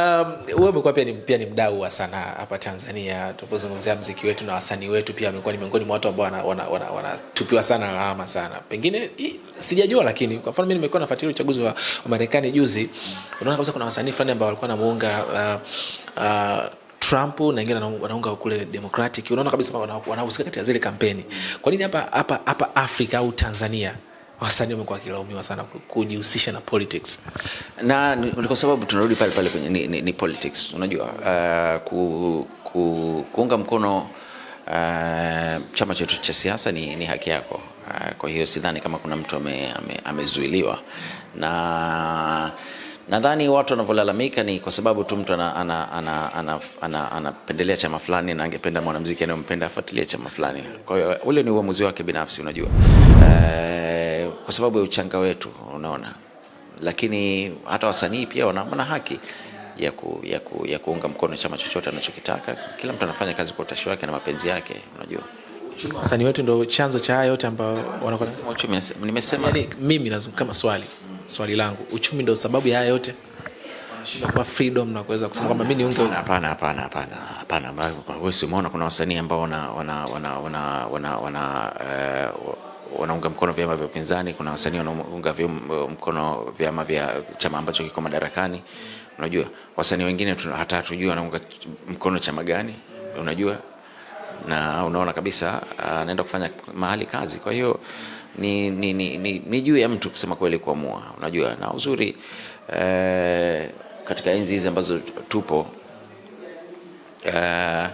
Um, wewe um, umekuwa pia ni, pia ni mdau wa sanaa hapa Tanzania. Tunapozungumzia mziki wetu na wasanii wetu, pia amekuwa ni miongoni mwa watu ambao wanatupiwa wana, wana, wana sana lawama sana, pengine sijajua, lakini kwa mfano mimi nimekuwa nafuatilia uchaguzi wa, wa Marekani juzi, unaona kabisa kuna wasanii fulani ambao walikuwa namuunga uh, uh, Trump na wengine wanaunga kule Democratic, unaona kabisa wanahusika katika zile kampeni. Kwa nini hapa hapa hapa Afrika au Tanzania wasanii wamekuwa wakilaumiwa sana kujihusisha na politics, na ni kwa sababu tunarudi pale pale kwenye ni, ni, ni politics. Unajua uh, ku, ku, kuunga mkono uh, chama chetu cha siasa ni, ni haki yako uh, kwa hiyo sidhani kama kuna mtu amezuiliwa ame, ame na Nadhani watu wanavyolalamika ni kwa sababu tu mtu anapendelea ana, ana, ana, ana, ana, chama fulani na angependa mwanamziki anayompenda afuatilie chama fulani. Kwa hiyo ule ni uamuzi wake binafsi, unajua e, kwa sababu ya uchanga wetu, unaona. Lakini hata wasanii pia wana, haki ya, ku, ya, ku, ya kuunga mkono chama chochote anachokitaka. Kila mtu anafanya kazi kwa utashi wake na mapenzi yake, unajua wasanii wetu ndio chanzo cha haya yote ambayo wanakuwa. Nimesema yaani, mimi lazima kama swali swali langu, uchumi ndio sababu ya haya yote? Wanashindwa freedom na kuweza kusema kwamba mimi niunge. Hapana, hapana, hapana, hapana. Wewe si umeona kuna wasanii ambao wana wana wana wana wana, wana uh, wanaunga mkono vyama vya upinzani. Kuna wasanii wanaunga mkono vyama vya chama ambacho kiko madarakani. Unajua, wasanii wengine hata hatujui wanaunga mkono chama gani, unajua, na unaona kabisa anaenda uh, kufanya mahali kazi, kwa hiyo ni, ni, ni, ni, ni juu ya mtu kusema kweli kuamua, unajua na uzuri eh, katika enzi hizi ambazo tupo eh,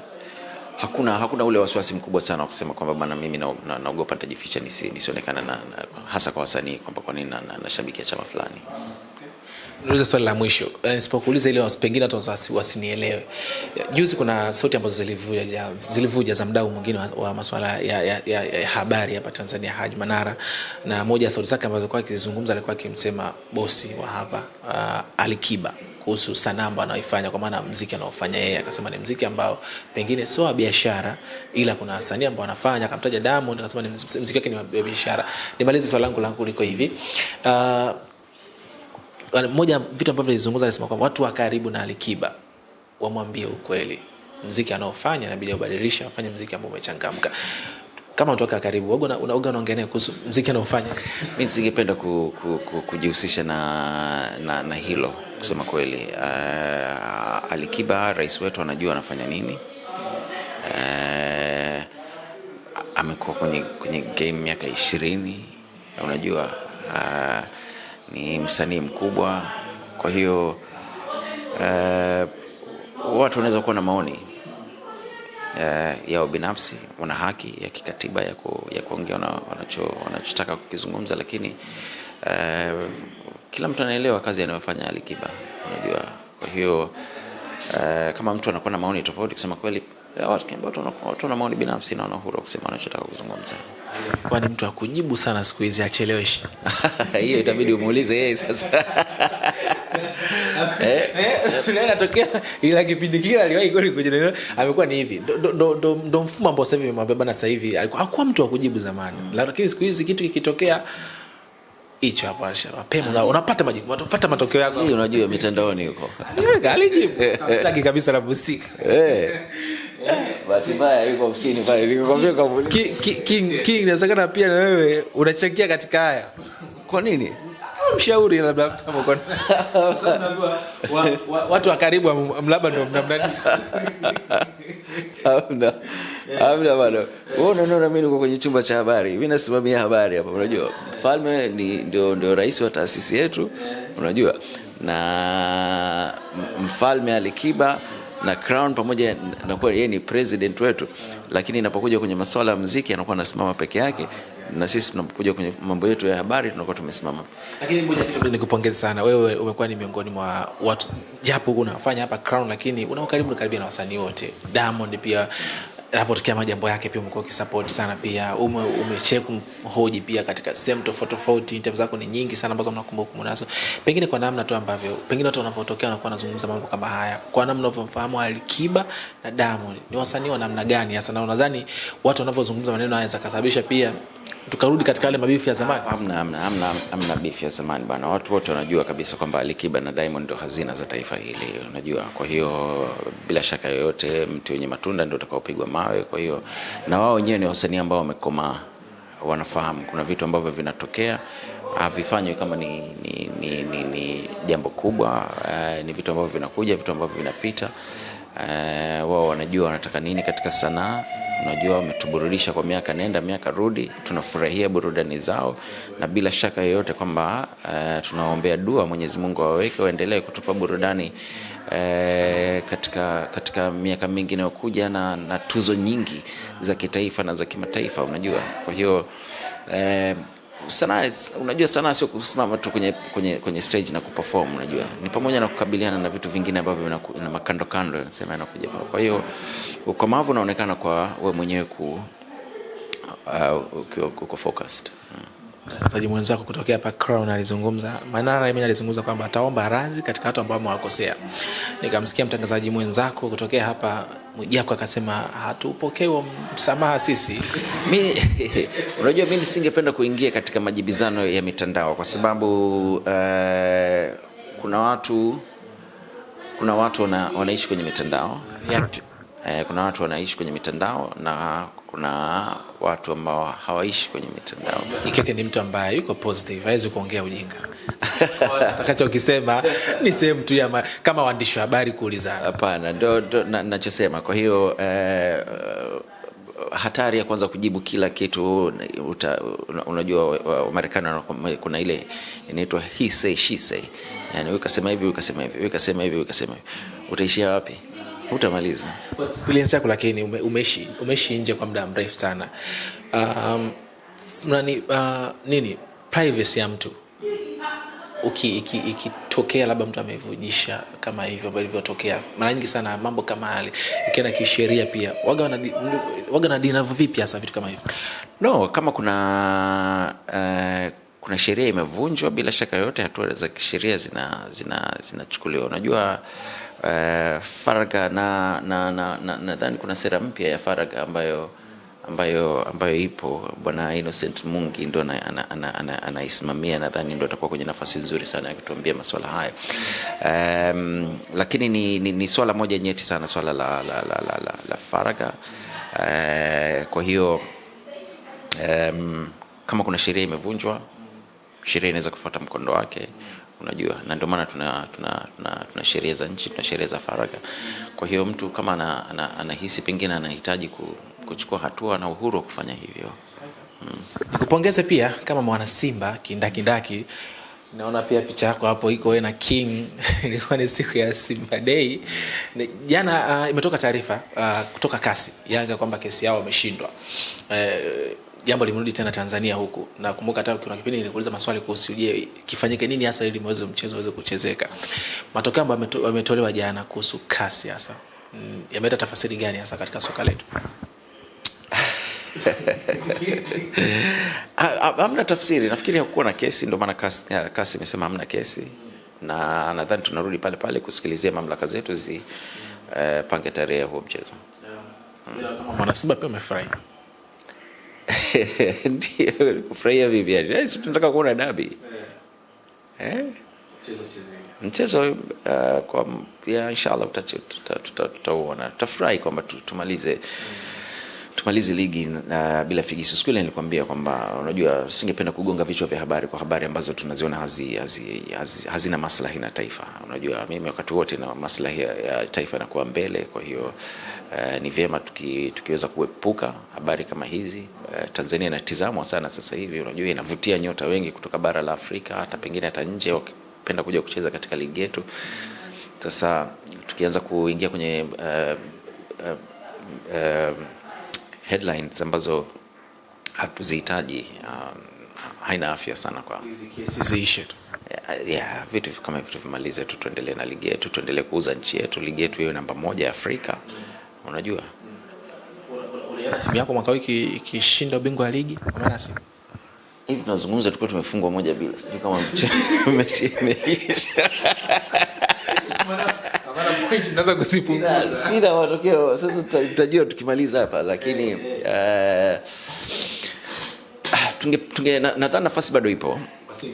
hakuna hakuna ule wasiwasi mkubwa sana wa kusema kwamba bana, mimi naogopa na, na nitajificha nisionekana, na, na, hasa kwa wasanii kwamba kwa nini nashabikia na chama fulani. Niulize swali la mwisho, eh, nisipokuuliza ile pengine hata wasinielewe. Juzi kuna sauti ambazo zilivuja, zilivuja za mdau mwingine wa, wa masuala ya, ya, ya, ya habari hapa Tanzania, Haji Manara, na moja ya sauti zake ambazo alikuwa akizungumza alikuwa akimsema bosi wa hapa uh, Alikiba kuhusu sanaa ambayo anaoifanya kwa maana mziki anaofanya yeye, akasema ni mziki ambao pengine sio wa biashara, ila kuna wasanii ambao wanafanya. Akamtaja damu akasema ni mziki wake ni wa biashara. Nimalize swali langu langu liko hivi uh, Yaani, moja vitu ambavyo nilizungumza, alisema kwamba watu wa karibu na Alikiba wamwambie ukweli, mziki anaofanya inabidi ubadilishe, afanye mziki ambao umechangamka kama toka karibu unaoga unaongelea kuhusu mziki anaofanya. mimi singependa ku, ku, ku, kujihusisha na, na, na hilo kusema kweli. Uh, Alikiba rais wetu anajua anafanya nini. Uh, amekuwa kwenye, kwenye game miaka ishirini, unajua uh, ni msanii mkubwa, kwa hiyo uh, watu wanaweza kuwa na maoni uh, yao binafsi. Wana haki ya kikatiba ya, ku, ya kuongea wanachotaka wanacho kukizungumza, lakini uh, kila mtu anaelewa kazi anayofanya Alikiba, unajua. Kwa hiyo uh, kama mtu anakuwa na maoni tofauti, kusema kweli watu watu wana maoni binafsi na wana uhuru wa kusema wanachotaka kuzungumza. Kwani mtu akujibu sana siku hizi acheleweshi. Hiyo itabidi umuulize yeye sasa. Eh? Eh, ila kipindi kile aliwahi amekuwa ni hivi, ndo mfumo ambao sasa hivi Sasa hivi alikuwa hakuwa mtu wa kujibu zamani, mm. lakini siku hizi kitu kikitokea hicho hapo mapema unapata majibu, unapata matokeo yako. Unajua mitandaoni huko alijibu kabisa na busika eh bahati mbaya yuko ofisini pale, kampuni. King King, inawezekana pia na wewe unachangia katika haya. Kwa nini? Mshauri labda kama kwa watu wa karibu mlaba ndio mnamnani. Hamna. Hamna bado. Wewe unaona mimi niko kwenye chumba cha habari. Mimi nasimamia habari hapa unajua. Mfalme ni ndio ndio rais wa taasisi yetu. Unajua. Na mfalme Alikiba na Crown pamoja na kuwa yeye ni president wetu, lakini inapokuja kwenye masuala ya muziki anakuwa anasimama peke yake na sisi tunapokuja kwenye mambo yetu ya habari tunakuwa tumesimama. Lakini moja kitu nikupongeze sana wewe, umekuwa ni miongoni mwa watu, japo unafanya hapa Crown, lakini unao karibu na karibia na wasanii wote, Diamond pia napotokea majambo yake pia umekuwa ukisupport sana pia ume, umecheku hoji pia katika to photo tofauti interview zako ni nyingi sana ambazo mnakumbuka nazo pengine kwa namna tu ambavyo pengine watu wanapotokea wanakuwa wanazungumza mambo kama haya kwa namna unavyomfahamu Alikiba na Diamond ni wasanii wa namna gani hasa na unadhani watu wanapozungumza maneno haya yanaweza pia tukarudi katika yale mabifu ya zamani? Hamna, hamna, hamna, hamna bifu ya zamani bwana. Watu wote wanajua kabisa kwamba Alikiba na Diamond ndio hazina za taifa hili, unajua. Kwa hiyo bila shaka yoyote, mti wenye matunda ndio utakaopigwa mawe. Kwa hiyo na wao wenyewe ni wasanii ambao wamekomaa, wanafahamu kuna vitu ambavyo vinatokea havifanywi kama ni, ni, ni, ni, ni jambo kubwa eh, ni vitu ambavyo vinakuja, vitu ambavyo vinapita. Eh, wao wanajua wanataka nini katika sanaa. Unajua, wametuburudisha kwa miaka nenda miaka rudi, tunafurahia burudani zao, na bila shaka yoyote kwamba eh, tunaombea dua Mwenyezi Mungu awaweke waendelee kutupa burudani eh, katika, katika miaka mingi inayokuja na, na tuzo nyingi za kitaifa na za kimataifa. Unajua, kwa hiyo eh, sanaa, unajua sanaa sio kusimama tu kwenye, kwenye, kwenye stage na kuperform, unajua ni pamoja na kukabiliana na vitu vingine ambavyo na makando kando nasema yanakuja. Kwa hiyo ukomavu unaonekana kwa we mwenyewe ku, uh, ukiwa uko focused mtangazaji mwenzako kutokea hapa Crown alizungumza Manara, mimi alizungumza kwamba ataomba radhi katika watu ambao wamewakosea. Nikamsikia mtangazaji mwenzako kutokea hapa Mwijaku akasema hatupokei msamaha sisi. Mi unajua, mi nisingependa kuingia katika majibizano ya mitandao kwa sababu uh, kuna watu kuna watu wanaishi kwenye mitandao yeah. Uh, kuna watu wanaishi kwenye mitandao na kuna watu ambao hawaishi kwenye mitandao. Ikete ni mtu ambaye yuko positive, hawezi kuongea ujinga atakacho ni sehemu tu ya kama waandishi wa habari kuuliza. Hapana, ndo nachosema. Kwa hiyo eh, hatari ya kwanza kujibu kila kitu uta, unajua Wamarekani kuna ile inaitwa he say she say, yani ukasema hivi ukasema hivi ukasema hivi ukasema hivi, utaishia wapi? Utamaliza experience yako, lakini umeishi umeishi nje kwa muda mrefu sana. Um, nani, uh, nini privacy ya mtu ikitokea iki, iki labda mtu amevujisha kama hivyo ambavyo ilivyotokea mara nyingi sana, mambo kama hali ikienda kisheria pia waga na waga vipi hasa vitu kama hivyo? No, kama kuna uh, kuna sheria imevunjwa, bila shaka yote hatua za kisheria zinachukuliwa zina, zina unajua uh, faragha na nadhani na, na, na, kuna sera mpya ya faraga ambayo ambayo ambayo ipo. Bwana Innocent Mungi ndo anaisimamia ana, ana, ana, nadhani ndo atakuwa kwenye nafasi nzuri sana ya kutuambia masuala hayo. Um, lakini ni, ni, ni swala moja nyeti sana swala la, la, la, la, la, la faraga uh, eh, kwa hiyo um, kama kuna sheria imevunjwa, sheria inaweza kufuata mkondo wake unajua, na ndio maana tuna, tuna, tuna, tuna sheria za nchi, tuna sheria za faraga Kwa hiyo mtu kama ana, ana, anahisi pengine anahitaji kuchukua hatua na uhuru wa kufanya hivyo. Mm. Nikupongeze pia kama mwana Simba kindakindaki, naona pia picha yako hapo iko na King ilikuwa ni siku ya Simba Day jana. Uh, imetoka taarifa uh, kutoka kasi Yanga kwamba kesi yao wameshindwa. Uh, eh, jambo limerudi tena Tanzania huku. Nakumbuka hata kuna kipindi nilikuuliza maswali kuhusu je, kifanyike nini hasa ili mwezo mchezo uweze kuchezeka. Matokeo ambayo yametolewa jana kuhusu kasi hasa mm, yameleta tafasiri gani hasa katika soka letu? Hamna tafsiri, nafikiri hakukuwa na kesi, ndio maana kasi imesema hamna kesi, na nadhani tunarudi pale pale kusikilizia mamlaka zetu zipange uh, pange tarehe ya huo mchezo. Yeah. Yeah, Mwanasimba pia amefurahi ndio kufurahia vipi? Yani sisi tunataka kuona dabi eh, mchezo uh, kwa ya inshallah tutauona, tutafurahi kwamba tumalize mm tumalize ligi na bila figisu. Siku ile nilikwambia kwamba unajua, singependa kugonga vichwa vya habari kwa habari ambazo tunaziona hazi, hazi, hazi, hazina maslahi na taifa. Unajua, mimi wakati wote na maslahi ya taifa yanakuwa mbele. Kwa hiyo uh, ni vyema tuki, tukiweza kuepuka habari kama hizi. Uh, Tanzania inatizamwa sana sasa hivi, unajua inavutia nyota wengi kutoka bara la Afrika, hata pengine hata nje wakipenda kuja kucheza katika ligi yetu. Sasa tukianza kuingia kwenye uh, uh, uh, headlines ambazo hatuzihitaji. Um, haina afya sana kwa ziishe tu eh, yeah, vitu kama vitu vimalize tu, tuendelee na ligi yetu, tuendelee kuuza nchi yetu, ligi yetu iwe namba moja ya Afrika. mm. Unajua uliona timu yako mwaka wiki ikishinda ubingwa wa ligi kwa mara si hivi tunazungumza, tulikuwa tumefungwa moja bila, sijui kama mechi imeisha tunaweza kusipunguzasina matokeo sasa, tutajua tukimaliza hapa, lakini eh, eh. Eh, ah, tunge, nadhani nafasi bado ipo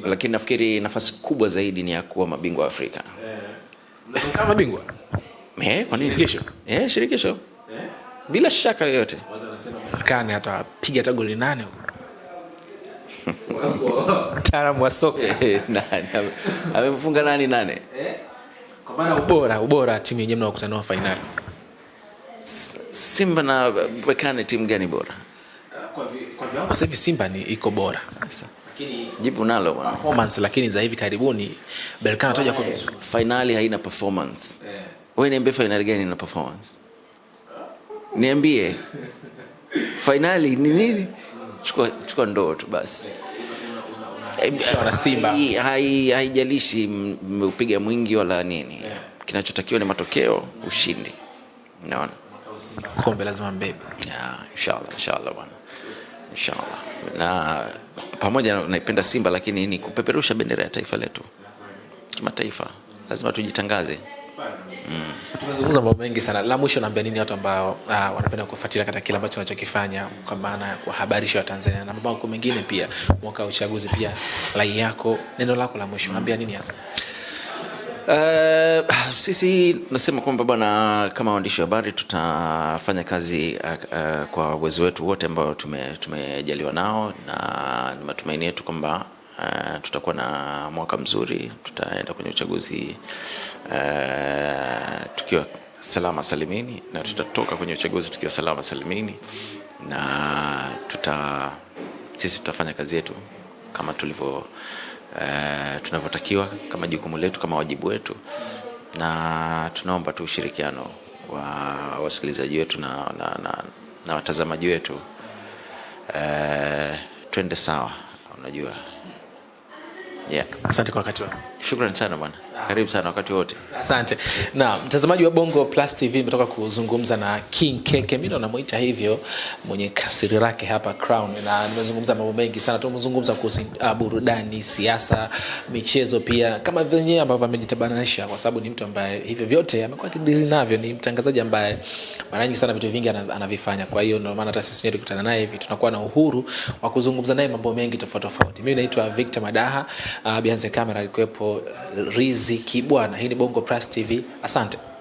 lakini nafikiri nafasi kubwa zaidi ni ya kuwa mabingwa Afrika. mabingwa? kwa nini? Shirikisho. shirikisho. Bila shaka yoyote. Watu wanasema Marekani atapiga hata goli nane huko. Mtaalamu wa soka. Amemfunga nani nane? Eh? Kwa maana ubora ubora timu yenyewe mnakutana nao finali Simba na Berkane timu gani bora? Eh, kwa vi, kwa viwango sasa hivi Simba ni iko bora. Sasa lakini jibu nalo bwana. Performance lakini za hivi karibuni Berkane anataja kwa Finali haina performance. Eh. Wewe niambie finali gani ina performance? Niambie. Finali ni nini? Chukua chukua ndoo tu basi. Eh, eh, wana Simba. Haijalishi hai, hai mmeupiga mwingi wala nini kinachotakiwa ni matokeo, ushindi. Naona kombe lazima mbebe, inshallah inshallah bwana, inshallah na pamoja naipenda Simba lakini ni kupeperusha bendera ya taifa letu kimataifa, lazima tujitangaze. Mm. Tumezungumza mambo mengi sana. La mwisho naambia nini watu ambao uh, wanapenda kufuatilia katika kile ambacho wanachokifanya kwa maana ya kuhabarisha Watanzania na mambo mengine pia, mwaka wa uchaguzi pia, rai yako, neno lako la mwisho, naambia nini hasa? Eh, sisi nasema kwamba bwana, kama waandishi wa habari tutafanya kazi uh, uh, kwa uwezo wetu wote ambao tumejaliwa tume nao, na ni matumaini yetu kwamba uh, tutakuwa na mwaka mzuri, tutaenda kwenye uchaguzi uh, tukiwa salama salimini, na tutatoka kwenye uchaguzi tukiwa salama salimini, na tuta sisi tutafanya kazi yetu kama tulivyo Eh, tunavyotakiwa kama jukumu letu kama wajibu wetu, na tunaomba tu ushirikiano wa wasikilizaji wetu na, na, na, na watazamaji wetu e, twende sawa, unajua yeah. Asante kwa wakati wako. Shukrani sana bwana, karibu sana wakati wote, asante. Na mtazamaji wa Bongo Plus TV, imetoka kuzungumza na King Keke, mimi ndo namuita hivyo, mwenye kasiri lake hapa Crown, na nimezungumza mambo mengi sana. Tumezungumza kuhusu uh, burudani, siasa, michezo, pia kama vyenyewe ambavyo amejitabanisha kwa sababu ni mtu ambaye hivyo vyote amekuwa kidili navyo. Ni mtangazaji ambaye mara nyingi sana vitu vingi anavifanya, kwa hiyo ndio maana hata sisi wenyewe naye hivi tunakuwa na uhuru wa kuzungumza naye mambo mengi tofauti tofauti. Mimi naitwa Victor Madaha, uh, ah, Bianze Kamera alikuwepo riziki bwana. Hii ni Bongo Plus TV, asante.